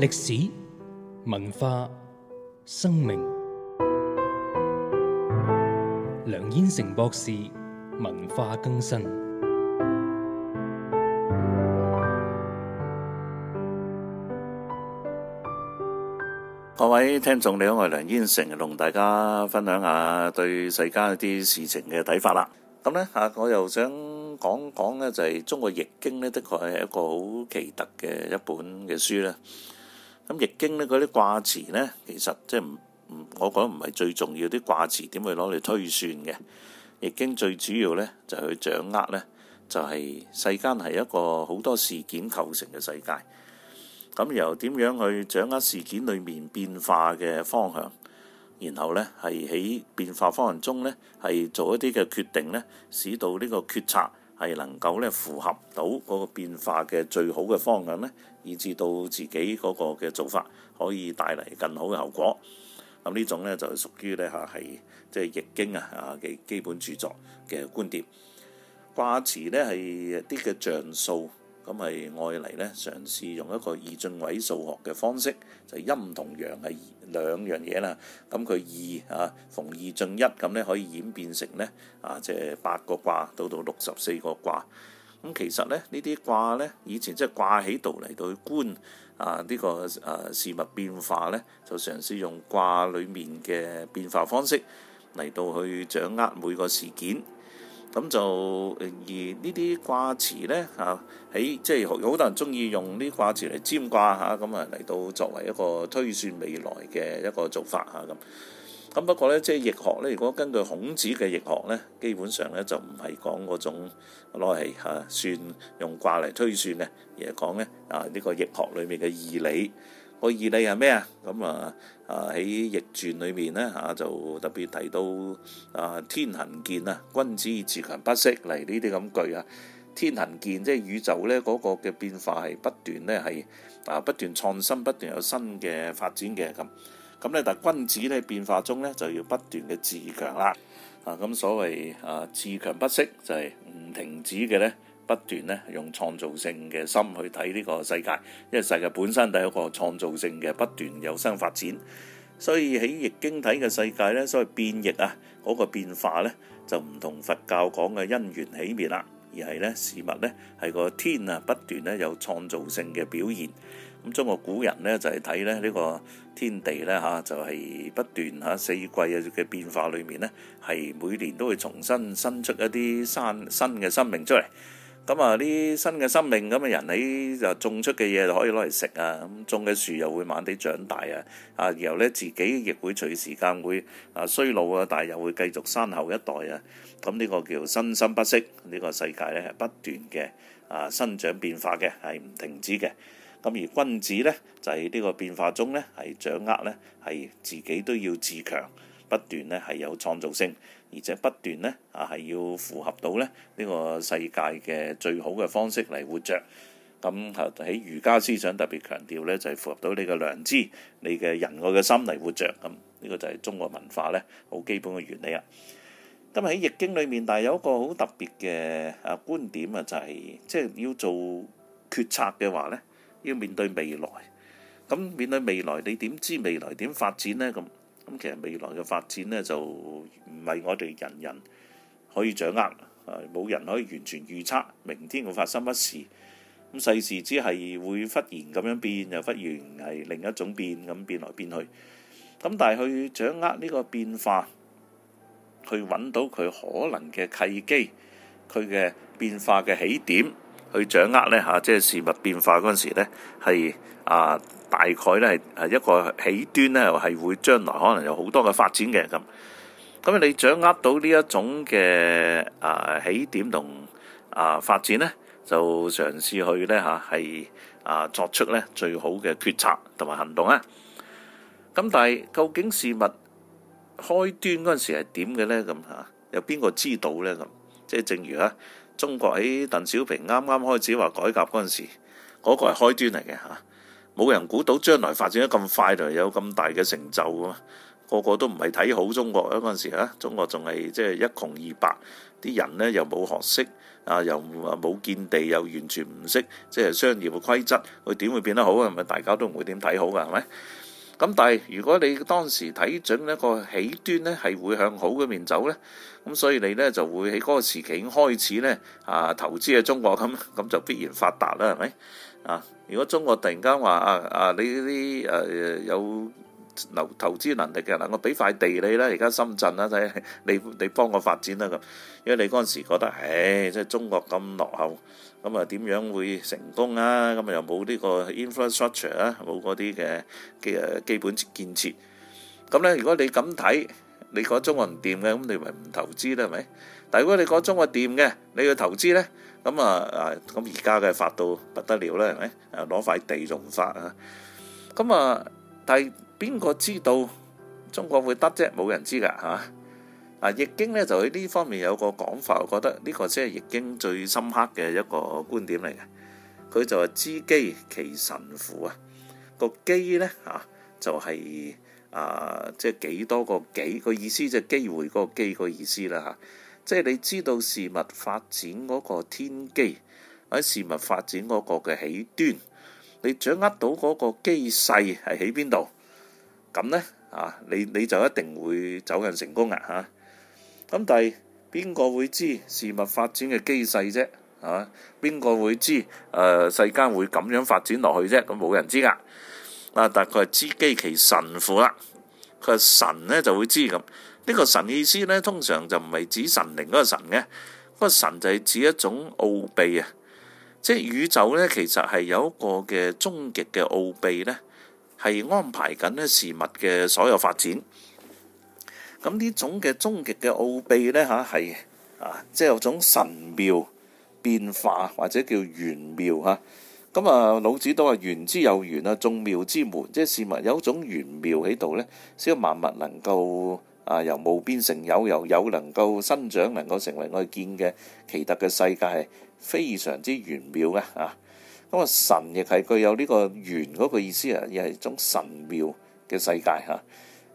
歷史、文化、生命，梁燕城博士文化更新，各位聽眾，你好，我係梁燕城，同大家分享下對世間一啲事情嘅睇法啦。咁咧，啊，我又想講講咧，就係《中國易經》咧，的確係一個好奇特嘅一本嘅書啦。咁易經呢，嗰啲卦辭呢，其實即係唔唔，我覺得唔係最重要啲卦辭點去攞嚟推算嘅。易經最主要呢，就去掌握呢，就係世間係一個好多事件構成嘅世界。咁由點樣去掌握事件裏面變化嘅方向，然後呢，係喺變化方向中呢，係做一啲嘅決定呢，使到呢個決策。係能夠咧符合到嗰個變化嘅最好嘅方向咧，以至到自己嗰個嘅做法可以帶嚟更好嘅效果。咁呢種咧就係、是、屬於咧嚇係即係易經啊啊嘅基本著作嘅觀點。卦辭咧係啲嘅象數。咁咪愛嚟呢，嘗試用一個二進位數學嘅方式，就陰同陽係兩樣嘢啦。咁佢二啊，逢二進一，咁呢，可以演變成呢，啊，即係八個卦到到六十四個卦。咁其實呢呢啲卦呢，以前即係掛喺度嚟到去觀啊呢個啊事物變化呢，就嘗試用卦裡面嘅變化方式嚟到去掌握每個事件。咁就而呢啲卦辭呢，嚇，喺即係好多人中意用呢啲卦辭嚟占卦嚇，咁啊嚟到作為一個推算未來嘅一個做法嚇咁。咁啊不過呢，即係易學呢，如果根據孔子嘅易學呢，基本上呢就唔係講嗰種攞嚟嚇算用卦嚟推算嘅，而係講呢啊呢個易學裏面嘅義理。個義理係咩啊？咁啊啊喺《易傳》裏面咧，吓、啊、就特別提到啊天行健啊，君子以自強不息嚟呢啲咁句啊。天行健，天行健即係宇宙咧嗰、那個嘅變化係不斷咧，係啊不斷創新，不斷有新嘅發展嘅咁。咁咧，但係君子咧變化中咧就要不斷嘅自強啦。啊，咁所謂啊自強不息就係、是、唔停止嘅咧。不斷咧用創造性嘅心去睇呢個世界，因為世界本身都有個創造性，嘅不斷有新發展。所以喺易經睇嘅世界咧，所謂變易啊，嗰個變化咧就唔同佛教講嘅因緣起滅啦，而係咧事物咧係個天啊不斷咧有創造性嘅表現。咁中國古人咧就係睇咧呢個天地咧嚇就係不斷嚇四季嘅變化裏面咧，係每年都會重新生出一啲新新嘅生命出嚟。咁啊，啲新嘅生命咁嘅人哋就種出嘅嘢就可以攞嚟食啊，咁種嘅樹又會慢啲長大啊，啊，然後咧自己亦會隨時間會啊衰老啊，但係又會繼續生後一代啊，咁、這、呢個叫生生不息，呢、這個世界咧係不斷嘅啊生長變化嘅係唔停止嘅，咁、啊、而君子咧就喺、是、呢個變化中咧係掌握咧係自己都要自強，不斷咧係有創造性。而且不斷呢，啊，係要符合到咧呢、這個世界嘅最好嘅方式嚟活著。咁、啊、喺儒家思想特別強調呢，就係、是、符合到你嘅良知、你嘅仁愛嘅心嚟活著。咁、啊、呢、這個就係中國文化呢好基本嘅原理啊。咁喺《易經》裏面，但係有一個好特別嘅啊觀點啊，就係、是、即係要做決策嘅話呢，要面對未來。咁、啊、面對未來，你點知未來點發展呢？咁咁其實未來嘅發展呢，就唔係我哋人人可以掌握，冇人可以完全預測明天會發生乜事。咁世事只係會忽然咁樣變，又忽然係另一種變，咁變來變去。咁但係去掌握呢個變化，去揾到佢可能嘅契機，佢嘅變化嘅起點，去掌握呢嚇，啊，即係事物變化嗰陣時咧，係啊～大概咧係一個起端咧，係會將來可能有好多嘅發展嘅咁。咁你掌握到呢一種嘅啊起點同啊發展呢，就嘗試去呢，吓係啊，啊作出呢最好嘅決策同埋行動啊。咁但係究竟事物開端嗰陣時係點嘅呢？咁吓有邊個知道呢？咁即係正如啊，中國喺鄧小平啱啱開始話改革嗰陣時，嗰、嗰個係開端嚟嘅吓。冇人估到將來發展得咁快，就有咁大嘅成就啊！個個都唔係睇好中國啊！嗰陣時啊，中國仲係即係一窮二白，啲人呢又冇學識啊，又冇見地，又完全唔識即係商業嘅規則，佢點會變得好啊？係咪大家都唔會點睇好啊？係咪？咁但係如果你當時睇準一個起端呢，係會向好嗰邊走呢。咁所以你呢，就會喺嗰個時期開始呢，啊投資嘅中國咁，咁就必然發達啦，係咪？啊！如果中國突然間話啊，啊呢啲誒，有投投資能力嘅嗱，我俾塊地你啦，而家深圳啦，睇你你幫我發展啦咁。因為你嗰陣時覺得，誒，即係中國咁落後，咁啊點樣會成功啊？咁啊又冇呢個 infrastructure 啊，冇嗰啲嘅嘅基本建設。咁咧，如果你咁睇，你講中國唔掂嘅，咁你咪唔投資啦，係咪？但係如果你講中國掂嘅，你要投資咧。咁啊啊！咁而家嘅發到不得了啦，係咪？誒，攞塊地仲發啊！咁啊，但係邊個知道中國會得啫？冇人知㗎嚇。嗱《易經》咧就喺呢方面有個講法，我覺得呢個即係《易經》最深刻嘅一個觀點嚟嘅。佢就話、係、知機其神乎啊！個機咧啊，就係、係、啊，即、呃、係、就係、幾多個幾個意思就機會嗰、嗰個機個意思啦嚇。即係你知道事物發展嗰個天機或者事物發展嗰個嘅起端，你掌握到嗰個機勢係喺邊度，咁呢，啊，你你就一定會走向成功啊！吓，咁但係邊個會知事物發展嘅機勢啫？啊，邊個會知誒、呃、世間會咁樣發展落去啫？咁冇人知噶啊，佢係知機其神乎啦，佢係神呢就會知咁。呢個神意思呢，通常就唔係指神靈嗰個神嘅，個神就係指一種奧秘啊。即係宇宙呢，其實係有一個嘅終極嘅奧秘呢係安排緊呢事物嘅所有發展。咁、嗯、呢種嘅終極嘅奧秘呢，吓、啊、係、啊、即係有種神妙變化，或者叫玄妙吓咁啊，啊，老子都話：玄之又玄啊，眾妙之門。即係事物有一種玄妙喺度呢先萬物能夠。啊，由無變成有，由有能夠生長，能夠成為我哋見嘅奇特嘅世界係非常之玄妙嘅啊！咁啊，神亦係具有呢個玄嗰個意思啊，亦係一種神妙嘅世界嚇。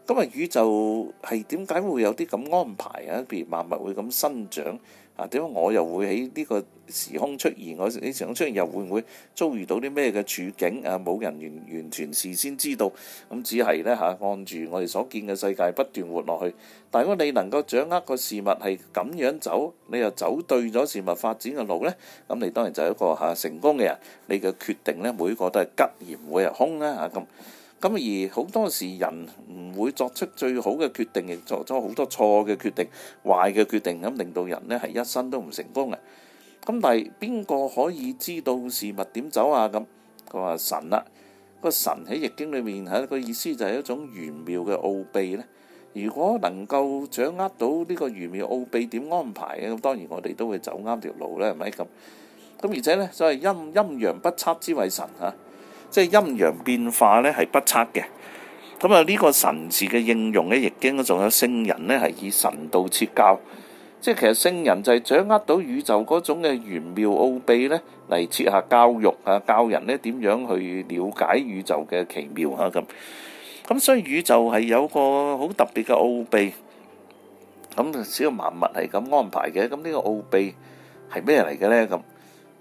咁啊，宇宙係點解會有啲咁安排啊？譬如萬物會咁生長。啊，點解我又會喺呢個時空出現？我呢時空出現又會唔會遭遇到啲咩嘅處境啊？冇人完完全事先知道，咁只係呢吓按住我哋所見嘅世界不斷活落去。但如果你能夠掌握個事物係咁樣走，你又走對咗事物發展嘅路呢，咁你當然就係一個吓成功嘅人。你嘅決定呢，每個都係吉而唔會係空啦吓咁。咁而好多時人唔會作出最好嘅決定，亦作咗好多錯嘅決定、壞嘅決定，咁令到人呢係一生都唔成功嘅。咁但係邊個可以知道事物點走啊？咁佢話神啦、啊，個神喺易經裏面係一個、啊、意思，就係一種玄妙嘅奧秘呢。如果能夠掌握到呢個玄妙奧秘點安排嘅，咁當然我哋都會走啱條路咧，係咪咁？咁而且呢，就係陰陰陽不測之為神嚇。啊即係陰陽變化咧，係不測嘅。咁啊，呢個神字嘅應用咧，易經仲有聖人咧，係以神道設教。即係其實聖人就係掌握到宇宙嗰種嘅玄妙奧秘咧，嚟設下教育啊，教人咧點樣去了解宇宙嘅奇妙啊咁。咁所以宇宙係有個好特別嘅奧秘。咁只要萬物係咁安排嘅，咁呢個奧秘係咩嚟嘅咧？咁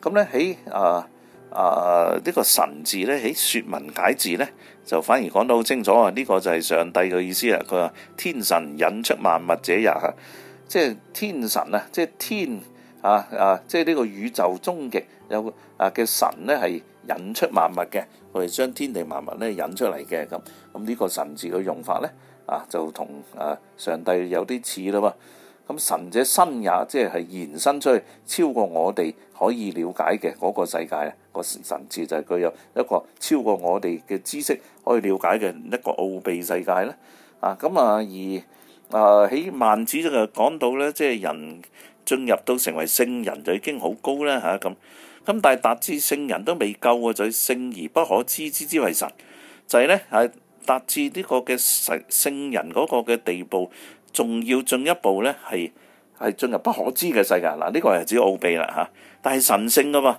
咁咧喺啊。啊！呢、呃這個神字咧喺《説、哎、文解字呢》咧就反而講得好清楚啊！呢、這個就係上帝嘅意思啊。佢話天神引出萬物者也，即係天神天啊，即係天啊啊！即係呢個宇宙終極有啊嘅神咧係引出萬物嘅，佢哋將天地萬物咧引出嚟嘅咁，咁呢個神字嘅用法咧啊，就同啊上帝有啲似啦喎。咁神者身也，即係係延伸出去超過我哋可以了解嘅嗰個世界啊。神智就係佢有一個超過我哋嘅知識可以了解嘅一個奧秘世界咧，啊咁啊而啊喺孟子就講到咧，即係人進入到成為聖人就已經好高啦吓咁，咁、啊、但係達至聖人都未夠啊，就聖而不可知之之為神就係咧係達至呢個嘅聖聖人嗰個嘅地步，仲要進一步咧係係進入不可知嘅世界嗱，呢、啊這個係指奧秘啦吓、啊，但係神聖噶嘛。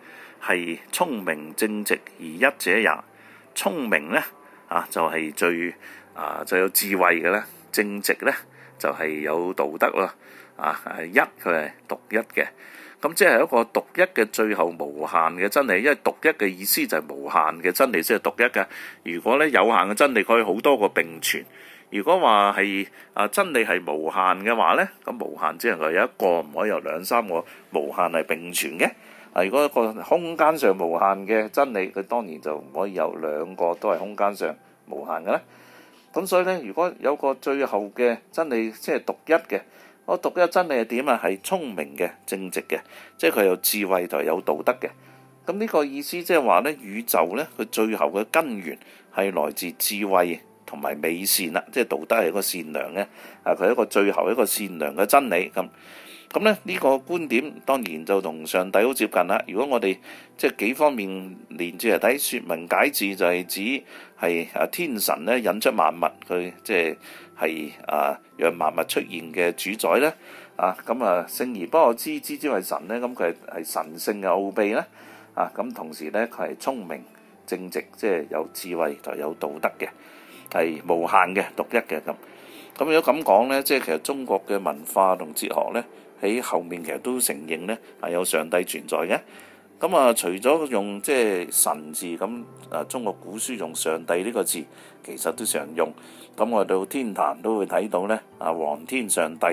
係聰明正直而一者也。聰明呢，啊，就係、是、最啊就有智慧嘅咧，正直呢，就係、是、有道德咯、啊。啊，一佢係獨一嘅，咁即係一個獨一嘅最後無限嘅真理，因為獨一嘅意思就係無限嘅真理先係獨一嘅。如果咧有限嘅真理可以好多個並存，如果話係啊真理係無限嘅話呢，咁無限只能夠有一個，唔可以有兩三個無限係並存嘅。啊！如果一個空間上無限嘅真理，佢當然就唔可以有兩個都係空間上無限嘅咧。咁所以呢，如果有個最後嘅真理，即係獨一嘅，我、那個、獨一真理係點啊？係聰明嘅、正直嘅，即係佢有智慧同有道德嘅。咁呢個意思即係話呢，宇宙呢，佢最後嘅根源係來自智慧同埋美善啦，即係道德係一個善良嘅。啊，佢係一個最後一個善良嘅真理咁。咁咧，呢個觀點當然就同上帝好接近啦。如果我哋即係幾方面連接嚟睇，説文解字就係指係啊天神咧引出萬物，佢即係係啊讓萬物出現嘅主宰咧。啊咁啊，聖而不可知之之為神咧，咁佢係係神性嘅奧秘咧。啊咁同時咧，佢係聰明正直，即係有智慧又有道德嘅，係無限嘅獨一嘅咁。咁如果咁講咧，即係其實中國嘅文化同哲學咧。喺後面其實都承認呢，係有上帝存在嘅，咁、嗯、啊除咗用即係神字咁，啊中國古書用上帝呢個字其實都常用，咁、嗯、我到天壇都會睇到呢，啊，皇天上帝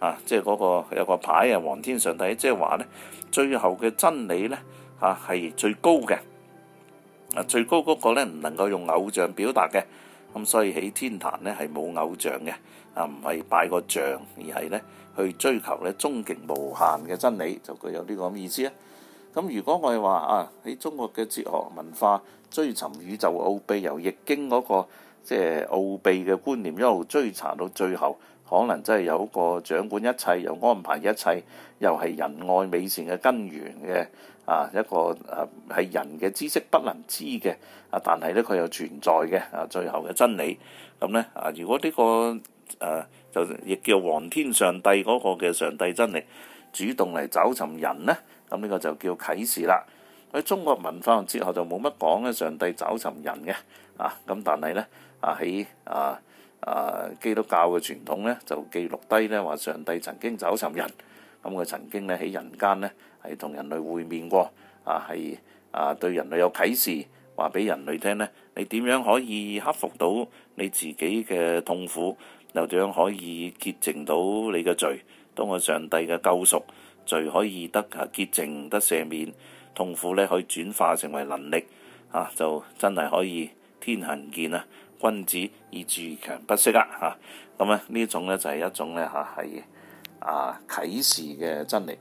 啊，即係嗰、那個有個牌啊，皇天上帝，即係話呢，最後嘅真理呢啊係最高嘅，啊最高嗰個呢唔能夠用偶像表達嘅，咁、嗯、所以喺天壇呢係冇偶像嘅。啊，唔係擺個像，而係呢去追求呢終極無限嘅真理，就具有呢個咁意思啦。咁如果我哋話啊，喺中國嘅哲學文化追尋宇宙奧秘，由易經嗰個即係奧秘嘅觀念一路追查到最後，可能真係有一個掌管一切又安排一切，又係仁愛美善嘅根源嘅。啊，一個啊係人嘅知識不能知嘅，啊但係咧佢有存在嘅啊最後嘅真理，咁咧啊如果呢、這個誒、呃、就亦叫皇天上帝嗰個嘅上帝真理主動嚟找尋人咧，咁呢個就叫啟示啦。喺中國文化之後就冇乜講咧上帝找尋人嘅，啊咁但係咧啊喺啊啊基督教嘅傳統咧就記錄低咧話上帝曾經找尋人，咁佢曾經咧喺人間咧。係同人類會面過，啊係啊對人類有啟示，話俾人類聽呢，你點樣可以克服到你自己嘅痛苦，又點樣可以潔淨到你嘅罪，通過上帝嘅救贖，罪可以得啊潔淨得赦免，痛苦呢可以轉化成為能力，啊就真係可以天行健啊，君子以自強不息啊，嚇咁啊呢種呢，就係一種呢，嚇係啊啟示嘅真理。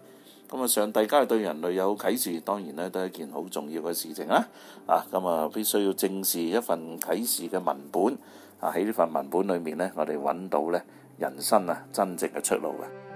咁啊，上帝加對人類有啟示，當然咧都係一件好重要嘅事情啊！啊，咁啊必須要正視一份啟示嘅文本啊，喺呢份文本裏面咧，我哋揾到咧人生啊真正嘅出路嘅。